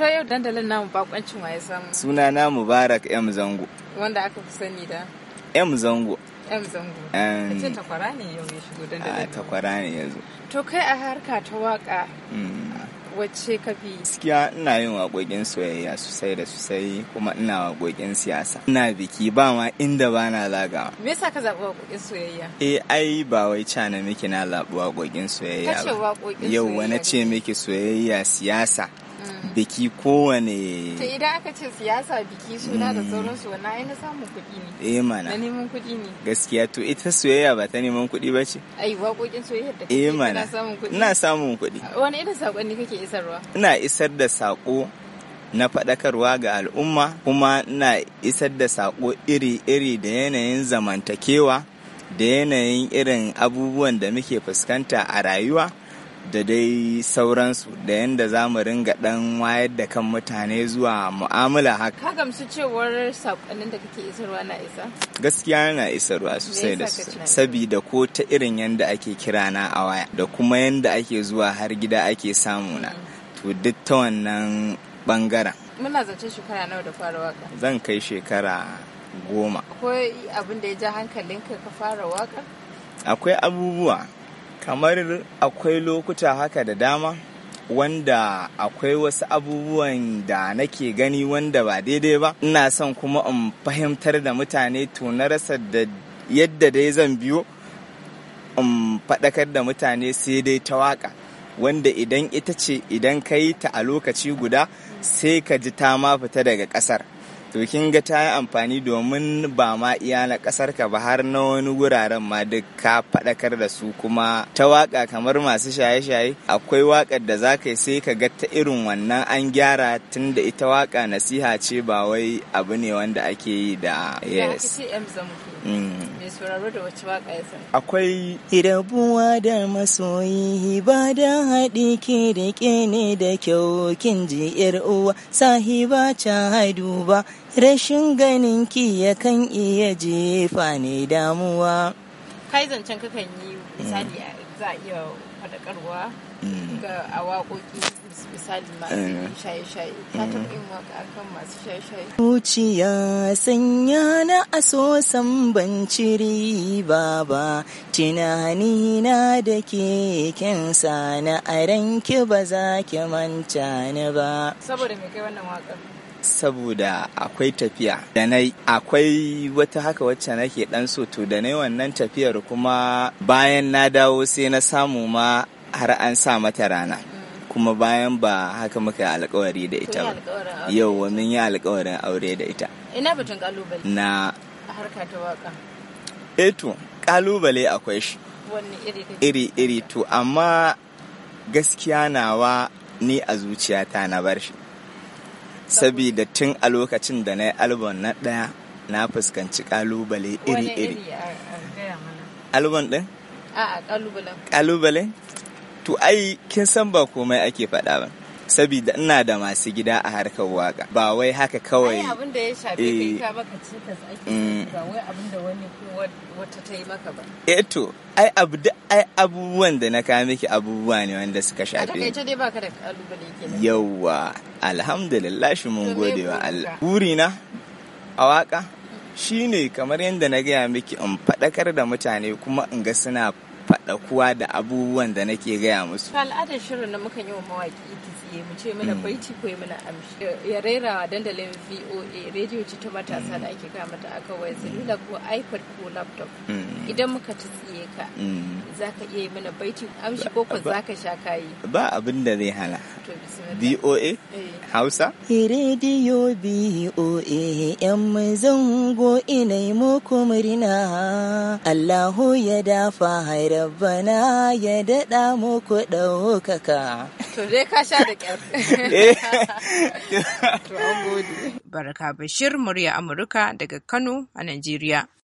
To yau dandalin namu bakoncin waye samu. Suna na Mubarak M Zango. Wanda aka fi sani da? M Zango. M Zango. A ce takwara ne yau ya shigo dandalin. A takwara ne yanzu. To kai a harka ta waka. Mm. Wacce ka fi? Gaskiya ina yin waƙoƙin soyayya sosai da sosai kuma ina waƙoƙin siyasa. Ina biki ba ma inda ba na zagawa. Me yasa ka zaɓi waƙoƙin soyayya? Eh ai ba wai cana miki na zaɓi waƙoƙin soyayya ba. Ka ce waƙoƙin soyayya. Yau wani ce miki soyayya siyasa. Mm. biki kowane to idan aka ce siyasa biki suna da mm. sauransu wannan ainihin samun kuɗi ne eh mana na neman kuɗi ne gaskiya to ita soyayya ba ta neman kuɗi ba ce ai waƙoƙin soyayya da kake eh kana samun kuɗi ina samun kuɗi wani irin ne kake isarwa ina isar da saƙo na faɗakarwa ga al'umma kuma ina isar da saƙo iri-iri da yanayin zamantakewa da yanayin irin abubuwan da muke fuskanta a rayuwa da dai sauransu da yadda za mu ringa dan wayar da kan mutane zuwa mu'amala haka. Ka gamsu cewar saƙonnin da kake isarwa na isa? Gaskiya na isarwa sosai da Sabida ko ta irin yadda ake kira na a waya da kuma yadda ake zuwa har gida ake samu na. To duk ta wannan bangaren. Muna zance shekara nawa da fara waka? Zan kai shekara goma. Akwai abin da ya ja hankalinka ka fara waka? Akwai abubuwa. kamar akwai lokuta haka da dama wanda akwai wasu abubuwan da nake gani wanda ba daidai ba ina son kuma in fahimtar da mutane to na rasa da yadda dai zan biyo in faɗakar da mutane sai dai ta waka wanda idan ita ce idan ka yi ta a lokaci guda sai ka ji ta ma fita daga ƙasar to kin ga ta yi amfani domin ba ma iya na kasar ka ba har na wani wuraren ma duk ka faɗakar da su kuma ta waka kamar masu shaye-shaye akwai wakar da za ka yi sai ka ga ta irin wannan an gyara tun da ita waka nasiha ce ba wai abu ne wanda ake yi da yes. Mm. Akwai. Rabuwa da masoyi ba da haɗi ke da ne da kyau kin ji ‘yar uwa sahiba ca haidu ba rashin ganin ki ya kan iya jefa ne damuwa. Kai zancen kakan yi misali mm. za a iya faɗakarwa mm. ga a waƙoƙi misali masu eh. shaye-shaye ta eh. taɓa yin waka kan masu shaye-shaye zuciya sanya na aso san ban ciri ba tunani na da ke kensa na aran ki ba za ki manta ni ba saboda me kai wannan wakar saboda akwai tafiya da na akwai wata haka wacce nake dan so to da na wannan tafiyar kuma bayan na dawo sai na samu ma har an sa mata rana kuma bayan ba haka muka yi alkawari da ita ba yau mun yi alkawarin aure da ita ina batun kalubale na harka ta waka eto eh kalubale akwai shi iri iri to amma gaskiya nawa ni a zuciyata na bar shi sabida tun a lokacin da na yi albon na ɗaya na fuskanci kalubale iri iri albon ɗin? a kalubale kalubale To ai kin san ba komai ake faɗa ba. Sabida ina da masu gida a harkar waka ba wai haka kawai. Ai abin da ya shafe kai ka eh. maka cikas ake ba mm. wai abin da wani wata ta yi maka ba. Eh to ai abu da ai abubuwan da na kawo miki abubuwa ne wanda suka shafe. ka dai baka da kalubale kenan. Yawwa alhamdulillah shi mun gode wa Allah. Burina a waka shine kamar yadda na gaya miki in faɗakar da mutane kuma in ga suna faɗakuwa da abubuwan da nake gaya musu. al'adar shirin na muka yi wa mawaƙi kitsiye mu ce mana baiti mm. ko mana amshi. Ya rera dandalin VOA rediyo ce ta matasa mm. da ake kama ta aka waya salula ko iPad ko laptop. Mm. Idan muka tsiye ka za ka iya yi mana baiti amshi ko ko za ka sha kayi. Ba abin da zai hana. VOA eh. Hausa. Rediyo VOA yan zango ina muku murna. Allahu ya dafa haira yabbana ya daɗa muku ɗaukaka. To dai ka sha da ƙyar. Eh. Barka Bashir murya Amurka daga Kano a Najeriya.